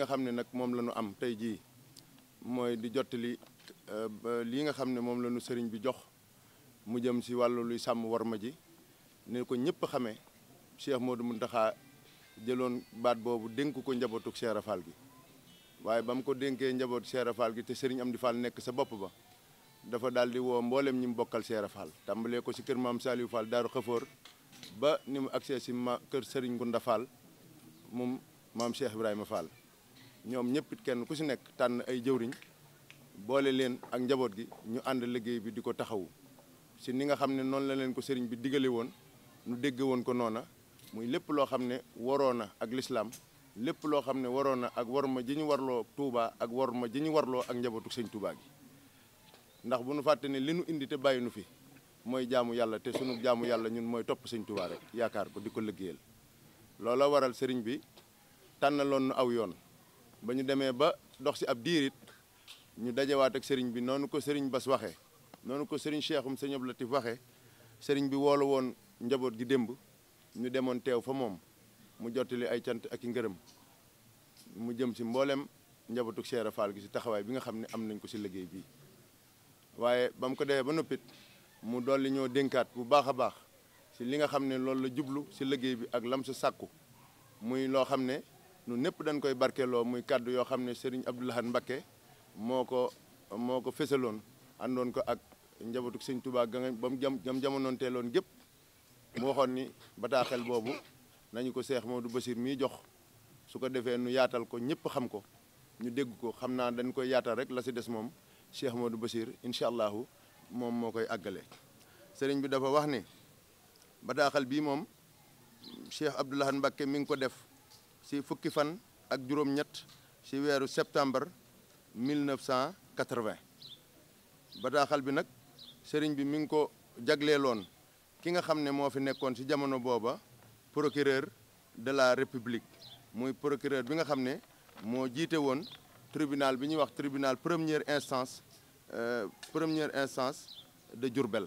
nga xam ne nag moom la ñu am tey jii mooy di jottali euh, lii nga xam ne moom la sëriñ bi jox mu jëm si wàllu luy sàmm ma ji ne ko ñëpp xamee Cheikh Modou Mountakha jëloon baat boobu dénk ko njabootu Cheikh Rafal gi waaye ba mu ko dénkee njabootu Cheikh Rafal gi te sëriñ di Fall nekk sa bopp ba dafa daal di woo mbooleem ñi mu bokkal Cheikh Rafal tàmbalee ko si kër maam Saliou Fall Daaru Xafoor ba ni mu agsee si ma kër sëriñ Gunda Fall moom maam Cheikh Ibrahima ñoom ñëpp it kenn ku si nekk tànn ay jëwriñ boole leen ak njaboot gi ñu ànd liggéey bi di ko taxawu si ni nga xam ne noonu la leen ko sëriñ bi digale woon ñu dégg woon ko noona muy lépp loo xam ne waroon na ak lislaam lépp loo xam ne waroon na ak warma ji ñu warloo Touba ak ma ji ñu warloo ak njabootu sëñ Touba gi ndax bu nu fàtte ne li nu indi te bàyyi nu fi mooy jaamu yàlla te sunu jaamu yàlla ñun mooy topp sëñ Touba rek yaakaar ko di ko liggéeyal loola waral sëriñ bi tànnaloon nu aw yoon ba ñu demee ba dox si ab diirit ñu dajewaat ak sëriñ bi noonu ko sëriñ Bas waxee noonu ko sëriñ Cheikhum sëñ Abdou waxe sëriñ bi woolu woon njaboot gi démb ñu demoon teew fa moom mu jottali ay cant ak i ngërëm mu jëm ci mbooleem njabootu Cheikh Rafal gi si taxawaay bi nga xam ne am nañ ko ci liggéey bi waaye ba mu ko defee ba noppit mu dolli ñoo dénkaat bu baax a baax si li nga xam ne loolu la jublu ci liggéey bi ak lam sa sàkku muy loo xam ne ñun népp dañ koy barkeeloo muy kàddu yoo xam ne Serigne Abdou Lahad Mbacké moo ko moo ko fésaloon àndoon ko ak njabootu Sëñ Touba ga nga ba mu jam jam jamonoonteeloon gépp mu waxoon ni bataaxel boobu nañu ko Seex du Bachir mii jox su ko defee nu yaatal ko ñëpp xam ko ñu dégg ko xam naa dañ koy yaatal rek la si des moom Cheikh Maodo Bachir incha allahu moom moo koy àggale sëriñ bi dafa wax ni bataaxal bii moom Cheikh Abdou Lahad Mbacké mi ngi ko def si fukki fan ak juróom-ñett si weeru septembre 1980 bataaxal bi nag sëriñ bi mi ngi ko jagleeloon ki nga xam ne moo fi nekkoon si jamono booba procureur de la république muy procureur bi nga xam ne moo jiite woon tribunal bi ñuy wax tribunal première instance euh, première instance de jurbel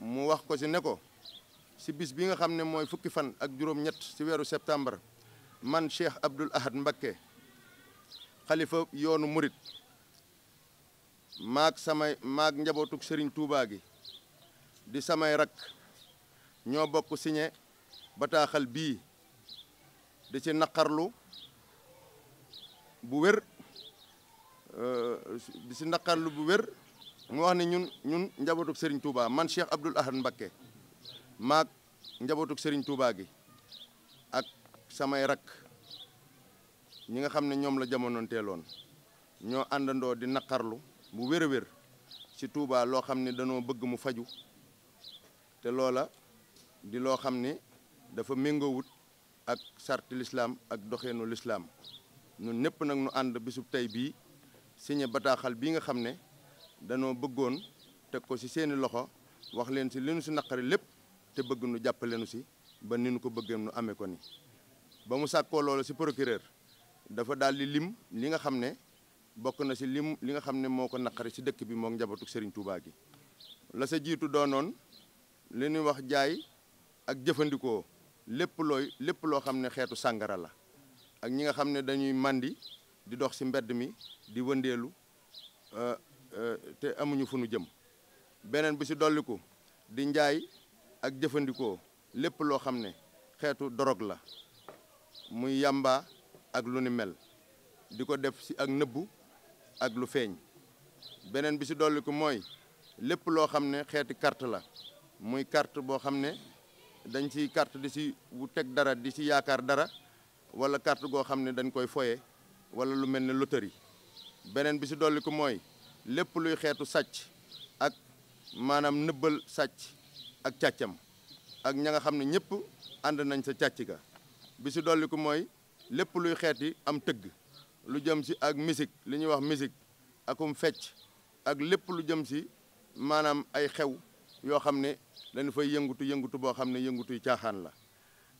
mu wax ko si ne ko si bis bi nga xam ne mooy fukki fan ak juróom-ñett si weeru septembre man Cheikh abdul Ahad Mbacké xalifa yoonu murit maag samay maag njabootuk Serigne Touba gi di samay rak ñoo bokk signé bataaxal bii di ci naqarlu bu wér euh, di ci naqarlu bu wér mu wax ne ñun ñun njabootuk Serigne Touba man Cheikh abdul Ahad Mbacké maag njabootuk Serigne Touba gi ak samay rakk ñi nga xam ne ñoom la jamonoonteeloon ñoo àndandoo di naqarlu bu wér a wér ci Touba loo xam ne danoo bëgg mu faju te loola di loo xam ne dafa méngoowut ak sarti lislaam ak doxeenu lislaam ñun ñëpp nag nu ànd bisub tey bii signé bataaxal bii nga xam ne danoo bëggoon teg ko ci seeni loxo wax leen ci li nu ci naqari lépp te bëgg nu jàppaleenu si ba ni nu ko bëggee nu amee ko ni ba mu sàkkoo loolu si procureur dafa daal di lim li nga xam ne bokk na si lim li nga xam ne moo ko naqari si dëkk bi moo njabootu Serigne Touba gi. la sa jiitu doonoon li ñuy wax jaay ak jëfandikoo lépp looy lépp loo xam ne xeetu sàngara la ak ñi nga xam ne dañuy màndi di dox si mbedd mi di wëndeelu euh, euh, te amuñu fu nu jëm beneen bi si dolliku di njaay. ak jëfandikoo lépp loo xam ne xeetu drogue la muy yàmba ak lu ni mel di ko def si ak nëbbu ak lu feeñ beneen bi si ko mooy lépp loo xam ne xeeti carte la muy carte boo xam ne dañ si carte di si wu teg dara di si yaakaar dara wala carte goo xam ne dañ koy foye wala lu mel ne loterie beneen bi si ko mooy lépp luy xeetu sàcc ak maanaam nëbbal sàcc ak càccam ak ña nga xam ne ñëpp ànd nañ sa càcc ga bi si dolliku mooy lépp luy xeeti am tëgg lu jëm si ak musique li ñuy wax musique akum fecc ak lépp lu jëm si maanaam ay xew yoo xam ne dañu fay yëngutu yëngutu boo xam ne yëngutuy caaxaan la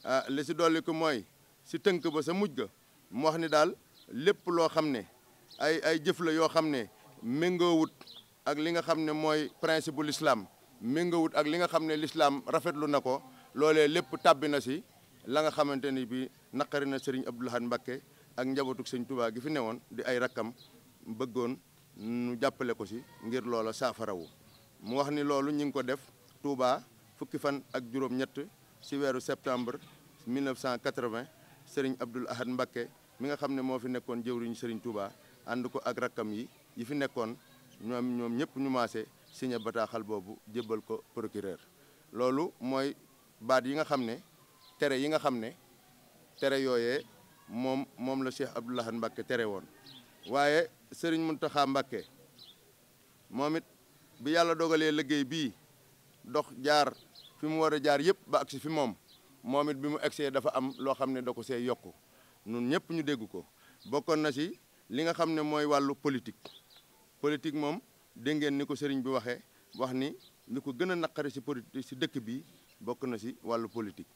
ah li si dolliku mooy si tënk ba sa muj ga mu wax ni daal lépp loo xam ne ay ay jëf la yoo xam ne méngoowut ak li nga xam ne mooy principe bu l'islam méngawut ak li nga xam ne lislaam rafetlu na ko loolee lépp tàbbi na si la nga xamante ni bi naqari na sëriñ Abdou Lahad Mbacké ak njabootuk sëñ Touba gi fi newoon di ay rakkam bëggoon nu jàppale ko si ngir loola saafarawu mu wax ni loolu ñu ngi ko def Touba fukki fan ak juróom-ñett si weeru septembre 1980 sëriñ Abdou Lahad Mbacké mi nga xam ne moo fi nekkoon jëwriñ sëriñ Touba ànd ko ak rakkam yi yi fi nekkoon ñoom ñoom ñëpp ñu maase signé bataaxal boobu jébbal ko procureur loolu mooy baat yi nga xam ne tere yi nga xam ne tere yooyee moom moom la Cheikh Abdou Lahad Mbacké tere woon waaye sëriñ Mountakha Mbacké moom moomit bi yàlla dogalee liggéey bii dox jaar fi mu war a jaar yëpp ba agsi fi moom moom bi mu agsee dafa am loo xam ne da ko see yokku ñun ñëpp ñu dégg ko bokkoon na si li nga xam ne mooy wàllu politique politique moom dégg ngeen ni ko sëriñ bi waxee wax ni li ko gën a naqari si politique si dëkk bi bokk na si wàllu politique.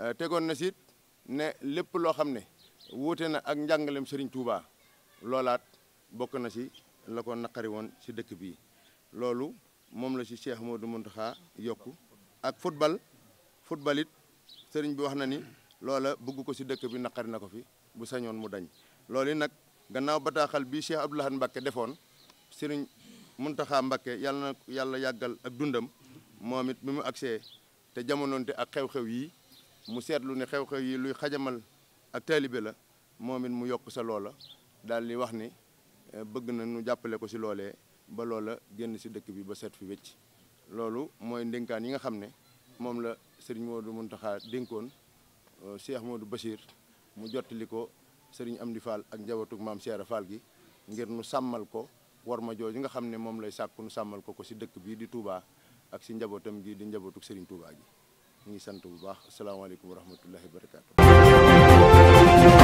Euh, tegoon na si ne lépp loo xam ne wuute na ak njàngalem sëriñ Touba loolaat bokk na si la ko naqari woon si dëkk bi loolu moom la si moo du Modou Mountakha yokk ak football football it sëriñ bi wax na ni loola bugg ko si dëkk bi naqari na ko fi bu sañoon mu dañ loolu nag gannaaw bataaxal bi Cheikh Abdoulaye Mbacke defoon sëriñ Muntaxa Mbakke yàlla na yàlla yàggal ak dundam moom it bi mu agsee te jamononte ak xew-xew yi mu seetlu ne xew-xew yii luy xajamal ak taalibe la moom mu yokk sa loola daal di wax ni eh, bëgg na nu jàppale ko si loolee ba loola génn si dëkk bi ba seet fi wécc loolu mooy ndénkaan yi nga xam ne moom la sëriñ du Muntaxa dénkoon euh, Cheikh Modou Bachir mu jottali ko sëriñ Amdi Fall ak njabootu maam Cheikh Fall gi ngir nu sàmmal ko war ma jooju nga xam ne moom lay sàkku sàmmal ko ko si dëkk bii di Touba ak si njabootam gi di njabootuk Serigne Touba gi ngi sant bu baax asalaamaaleykum wa rahmatullahi wa barakaatu.